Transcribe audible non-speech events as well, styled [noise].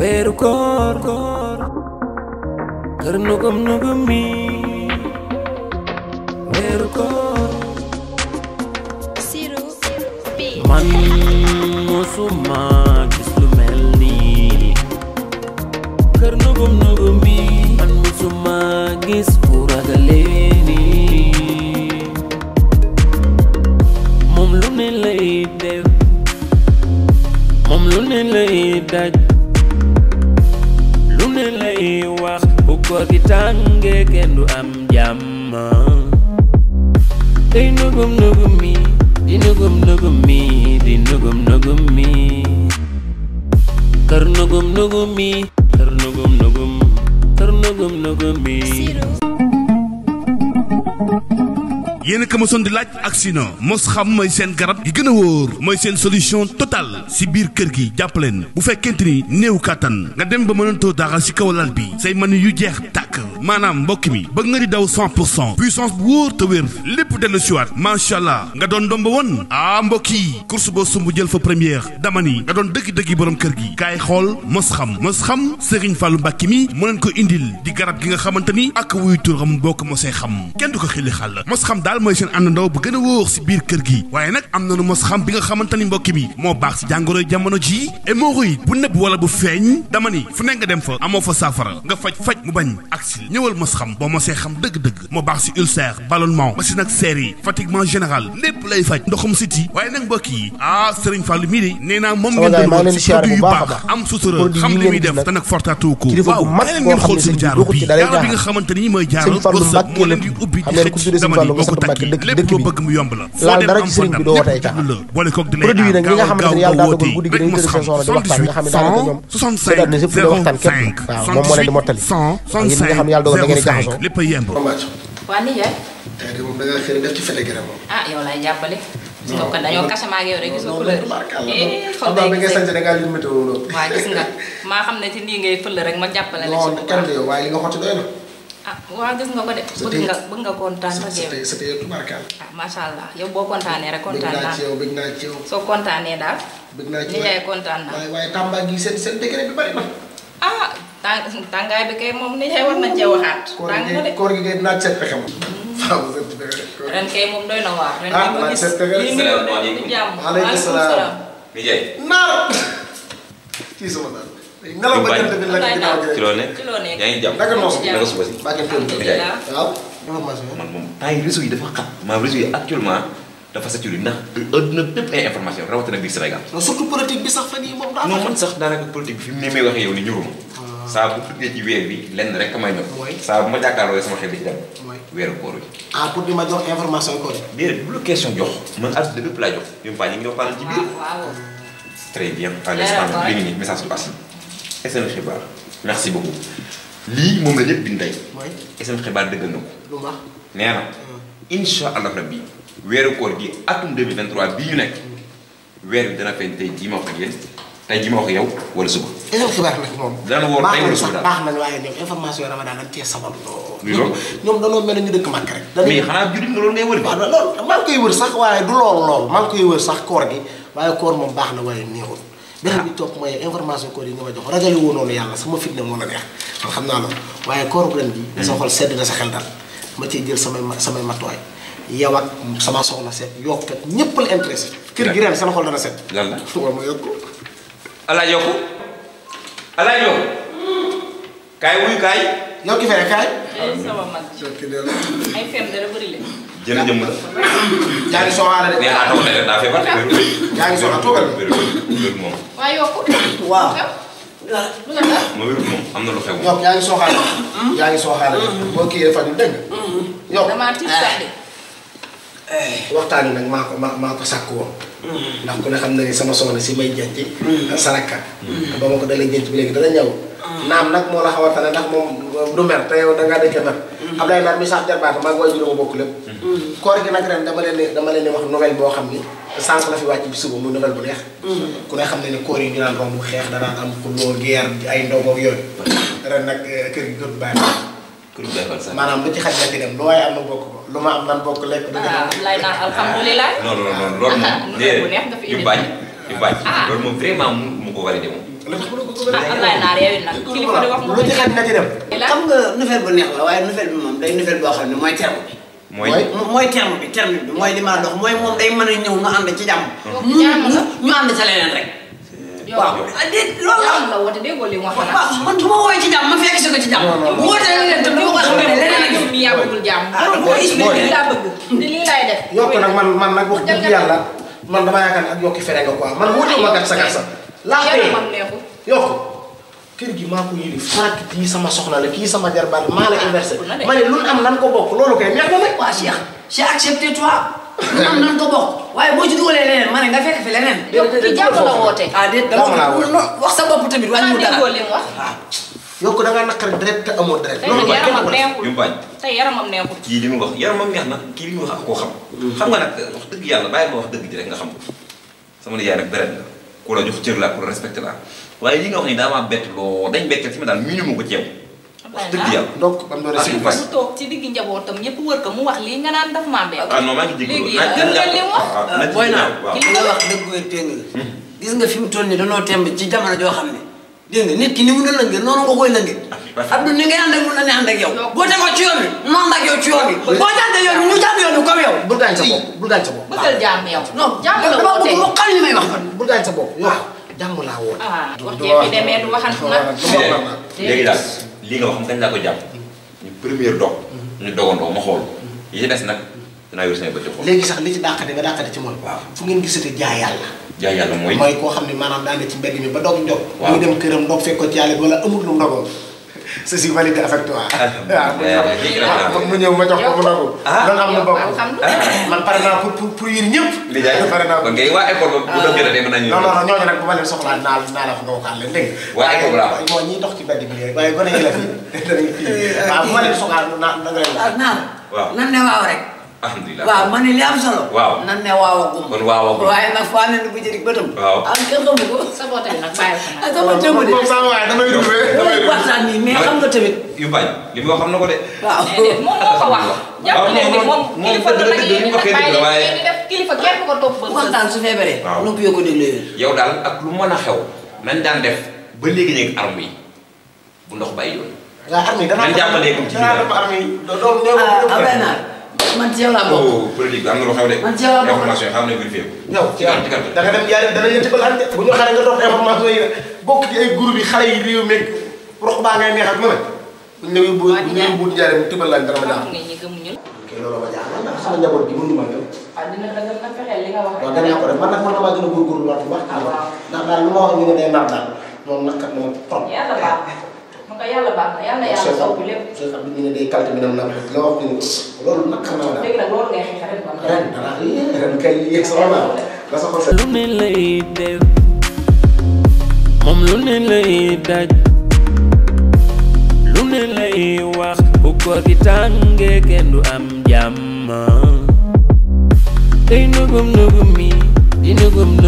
weeru koor kër nugum nugum mi weeru koor siru man musuma gis lu mel nii kër nugum nugum mi man musuma gis ku ragale nii lu ne lay def moom lu ne lay daj kwa kitange kendo amjama Dinugum nugumi, dinugum nugumi, dinugum nugumi Karnugum nugumi, karnugum nugum, karnugum nugumi Siru. yéen ko son di laaj ak sino mos xam moy sen garab gi gëna woor moy sen solution totale ci bir kër gi len bu fekkente ni new katan nga dem ba mënantoo dara ci kaw lal bi say man yu jeex tak manam mbokk mi ba nga di daw 100 puissance bu woor te wér ci wat ma sha allah nga dom ba won ah mbokk yi course bo sumb jël fa première dama ni nga don deug deug borom kër gi kay xol mos xam mos xam Serigne fallu Mbacke mi mo len ko indil di garab gi nga xamanteni ak wuy turam boo mo sey xam kenn du ko xili xal mos xam dal daal mooy seen àndandoo bu gën a wóor si biir kër gi waaye nag am na lu mos xam bi nga xamante ni mbokki mi moo baax si jàngoroy jamono ji hémorroïde bu nëbb wala bu feeñ dama ni fu nekk nga dem fa amoo fa saafara nga faj faj mu bañ ak si ñëwal mos xam boo mosee xam dëgg-dëgg moo baax si ulcère ballonnement ba si nag seer yi fatiguement général lépp lay ah am sutura xam li muy def te nag fortaatu ko waaw ngeen xool suñu jaaro bi jaaro bi nga xamante mooy jaaro wërsëg moo leen di ubbi di xëcc dama ni boo ko Mbàkke dëkk dëkk bi laal dara ci sëriñ bi doo wootee caaxaan produit yi nag li nga xamante ne waa ni yaay tey de moom da nga def ci fete gi moom ah yow laay jàppale donc nga bi ngay sant da ngaa lim météo gis nga maa xam ne ci lii ngay ma jàppale la waaye li nga xotti doy ah waaw gis nga ko de. bëgg nga bëgg nga kontaan ak yow c'était c'était tubarkaal. ah macha allah yow boo kontaanee rek kontaan naa. bëgg naa ci yow bëgg naa ci yow. soo kontaanee daal. bëgg naa ci yow li ngay kontaan naa. waaye waaye Tamba gi seen seen degré bi bari na. ah tàngaay bi kay moom ni ngay war nañ cee waxaat. tàngaay koor gi ngay seen pexe moom. ren kay moom doy na waar. ren ah, kay ma gis lii mi ngi doon jàmm. maaleykum salaam maaleykum salaam. Nijaay. Naar. [laughs] nelaw ba jant bi la ci loo nekk yaa ngi jàmm naka noonu naka suba si bàkkee tool bi jaay waaw man moom temps yi réseau yi dafa xat maanaam réseau yi actuellement dafa saturé ndax adduna bépp ay information rawatina biir Sénégal non surtout politique bi sax fan yi moom daa non man sax daanaka politique bi fi mu ne may waxee yow ni ñuruma saa bu tuddee ci weer bi lenn rek may ñor saa bu ma jàkkaarloo eh, sama xel ci dem weeru koor wi ah pour di ma jox information koor déedéet bu la question jox man adduna bépp laa jox ñu faa ñu ngi waxtaan ci biir très bien à l'instant bi ngi message passe SM xibaar merci beaucoup lii moom la ñëpp bind tey. mooy SM xibaar dëggal na ko. lu baax nee na. incha allah rabbi weeru koor gi atum 2023 bii ñu nekk weer bi dana feeñ tey jii ma wax ak yéen tey jii ma wax ak yow wala suba. SM xibaar nag moom. dana woor tey wala suba daal baax nañ waaye ñoom information ramadan dañ cee sabab lool. ñoom danoo mel ni dëkk màkk rek. dañuy mais xanaa jullit nga loolu ngay wër. waaw loolu maa ngi koy wër sax waaye du lool lool maa ngi koy wër sax koor gi waaye koor moom baax na waaye neexul beneen bi topp mooy information koor yi nga ma jox ragale woo yàlla sama fitna moo la neex xam naa loolu waaye kooru ren bi hmm. sa xol sedd na sa xel dal ma ciy jël samay samay matuwaay yow ak sama soxna set yokkat ñépp la intéressé kër gi ren sama xol dana set [laughs] wala ma yokku ala yokku kaay wuyu kaay yokki fere kaay ay fen dara bëri la jënd jëmm la. yaa ngi soxaale de. nee naa toog rek daa feebar. yaa ngi soxla toogal. wér wér moom. waaw yokku. waaw. ma wér moom am lu xew. ñoom yaa ngi soxaale. yaa ngi soxaale. boo kii yee fajul dégg nga. yow damaa tiit sax waxtaan yi nag maa ko maa ko ne xam na ni sama soxna si may jënc. saraka. ba ma ko dalee bi léegi dana ñëw. naam nag moo la xaw tane ndax moom du mer te da ngaa Abdoulaye Naar mi sax jarbaata maa ngi waay juróom bokk lépp mm-hmm. Mm-hmm. koor gi nag ren dama leen di dama leen wax nouvelle boo xam ni sànq la fi wàcc bi suba mu bu neex mm-hmm. ku ne xam ne ne koor yi ñu naan romb xeex danaan am xuloo guerre ay ndogoog yooyu ren nag eh, kër gi dootu maanaam lu ci xaj la ci dem lu am na bokk lu ma am nan bokk lekk dëgg ah, lay naan alhamdulilah ah, non non non yu bañ yu bañ loolu moom ah, mu ko validé moom lu ci xaj na dem xam nga nouvelle bu neex la waaye nouvelle bi moom day nouvelle boo xam ne mooy terme bi. mooy mooy terme bi terme bi mooy li ma dox mooy moom day mën a ñëw ñu ànd ci jàmm. ñu ñu ànd ca leneen rek. waaw ah, déet loolu la woote déggoo li wax na waaw man su ma woowee ci jàmm ma fekk si ko ci jàmm. woote leneen te du ma ko xam ne leneen ak yow mii yaa bëggul jàmm. Ah, lii laa bëgg lii laay def. yokk nag man man nag wax dëgg yàlla man dama yaakaar ne ak yokki fere nga quoi man wute ma gàtt sa gàtt sa. laa xëy yokk kër gi maa ko yële farak kii sama soxna la kii sama jarbaat maa la ah, inversé ma ne lu ko bokk loolu lu am nan ko bokk boo ci dugalee leneen ma ne nga fekk fi leneen. ki jàpp la woote. ah déet dama wax sa bopp tamit wàññiwul dara ah. yow da ngaa naqari direct te amoo direct. loolu mooy kenn ku nekk yu mu bañ. tey yaramam neexul kii li mu wax yaramam neex na kii li mu wax ak koo xam. Mm-hmm. xam nga nag wax dëgg yàlla bàyyi ma wax dëgg ji rek nga xam ko. sama nijaay nag beret la ku la jox cër ku la respecté waaye li nga wax nii daa maa loo dañ bett ci ma daal minimum ko ci yow. wax dëgg yàlla donc mu toog ci digg njabootam ñëpp wër ko mu wax lii nga naan daf maa bett. ah non maa ngi euh, ah, nga wax dëgg wér téng hmm. fi mu toll nii danoo temb ci jamono joo xam ne dégg nga nit ki ni mu ne lëngee nga na ah, ci yoon mu ànd ak yow ci yoon boo jàddee yoon bi ñu jàdd yoon bi comme yow bul gaañ sa bopp bul gaañ sa bopp bëggal jaam yow non jaam bul gaañ sa bopp jàmm laa woon. Ah, wax jéem bi demee du waxantu léegi daal lii nga wax xam kañ laa ko jàpp. ñu première dog ñu mm-hmm. dogandoo ma xool mm-hmm. yi ci des nag dinaa yor seen bët xool. léegi sax li ci dàqate ba dàqate ci moom. waaw fu ngeen gisate jaay yàlla. jaay yàlla mooy. mooy koo xam ne maanaam daan na ci mbedd mi ba dog njog. waaw mu dem këram dog fekk ko ci yàlla wala amul lu ndogoon. ceci validé avec toi. waaw ah, mu ñëw ma jox ko mu nangu. ah am na bopp naa pour pour yéen ñëpp. pare naa ko ok waa école ba non non ñooñu nag bu ma leen soxlaa naa naa la fa nga waxaat leen dégg nga. waa école waaw waaye ñiy dox ci mbedd bi rek waaye gone yi la fi. danañ [laughs] fi waaw bu ma leen soxlaa naa na nga waaw lan ne waaw alhamdulilah waaw man ne li am solo. waaw nan ne waawagum. kon waawagum waaye nag foo ne bu jëriñ waaw ah kenn xamu ah, yu bañ li mu wax na ko de. waaw moom moo ko wax. waaw moom moom moom kilifa dëgg la ko topp ba. kontaan lu mën a xew. nañ daan def ba léegi nekk arme yi bu ndox bàyyi yoon. waaw arme man ci yow laa bokk. oh politique am na lu xew de. man ci yow laa bokk information yi xam nañ ko fi yow. ci yow da nga dem jaay dana ñetti bëgg ante bu ñu xare nga topp information yi bokk ci ay groupe yi xale yi réew meeg rox baa ngay neex ak mën bu ñu yóbbu bu ñu yóbbu jaay dem tibal lañ dara ma jaaxal. kay loolu ma jaaxal ndax sama njaboot gi mënu ma dem. ah dina da nga fexe li nga kaya la ba kaya la ya so ko lepp so xam ni day kalta minam nam la wax ni lolu nak xam na deug nak lolu ngay xexal ba ren dara ren kay yex sama la sa xol lu ne lay def mom lu ne lay daj lu ne lay wax bu ko gi tangé kenn du am jamm day nugum nugum mi di nugum